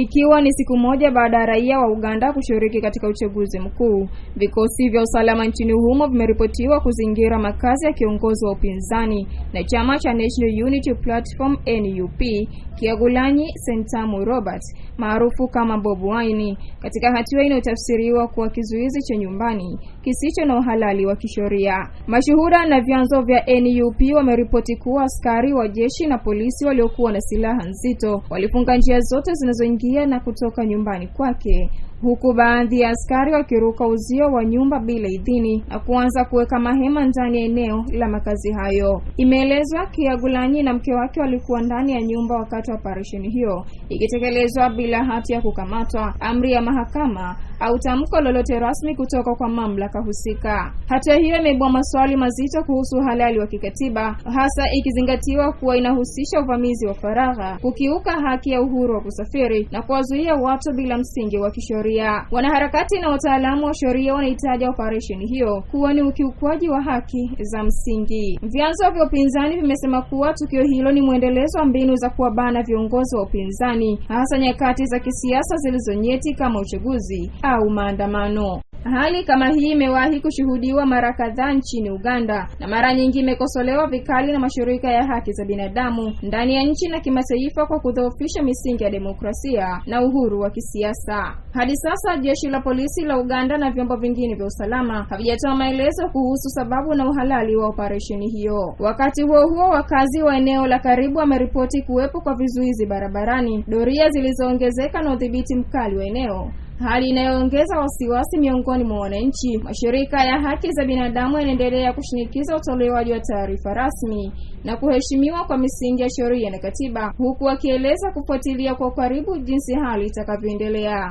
ikiwa ni siku moja baada ya raia wa Uganda kushiriki katika uchaguzi mkuu. Vikosi vya usalama nchini humo vimeripotiwa kuzingira makazi ya kiongozi wa upinzani na chama cha National Unity Platform NUP Kiagulanyi Sentamu Robert maarufu kama Bob Wine katika hatua inayotafsiriwa kuwa kizuizi cha nyumbani kisicho na uhalali wa kisheria. Mashuhuda na vyanzo vya NUP wameripoti kuwa askari wa jeshi na polisi waliokuwa na silaha nzito walifunga njia zote zinazoingia na kutoka nyumbani kwake huku baadhi ya askari wakiruka uzio wa nyumba bila idhini na kuanza kuweka mahema ndani ya eneo la makazi hayo. Imeelezwa Kiagulanyi na mke wake walikuwa ndani ya nyumba wakati wa operesheni hiyo ikitekelezwa bila hati ya kukamatwa, amri ya mahakama au tamko lolote rasmi kutoka kwa mamlaka husika. Hatua hiyo imeibua maswali mazito kuhusu uhalali wa kikatiba, hasa ikizingatiwa kuwa inahusisha uvamizi wa faragha, kukiuka haki ya uhuru wa kusafiri na kuwazuia watu bila msingi wa kisheria. Wanaharakati na wataalamu wa sheria wanahitaja operesheni hiyo kuwa ni ukiukwaji wa haki za msingi. Vyanzo vya upinzani vimesema kuwa tukio hilo ni mwendelezo wa mbinu za kuwabana viongozi wa upinzani, hasa nyakati za kisiasa zilizonyeti kama uchaguzi au maandamano. Hali kama hii imewahi kushuhudiwa mara kadhaa nchini Uganda na mara nyingi imekosolewa vikali na mashirika ya haki za binadamu ndani ya nchi na kimataifa kwa kudhoofisha misingi ya demokrasia na uhuru wa kisiasa. Hadi sasa jeshi la polisi la Uganda na vyombo vingine vya usalama havijatoa maelezo kuhusu sababu na uhalali wa operesheni hiyo. Wakati huo huo, wakazi wa eneo la karibu wameripoti kuwepo kwa vizuizi barabarani, doria zilizoongezeka na udhibiti mkali wa eneo hali inayoongeza wasiwasi miongoni mwa wananchi. Mashirika ya haki za binadamu yanaendelea kushinikiza utolewaji wa taarifa rasmi na kuheshimiwa kwa misingi ya sheria na katiba, huku wakieleza kufuatilia kwa karibu jinsi hali itakavyoendelea.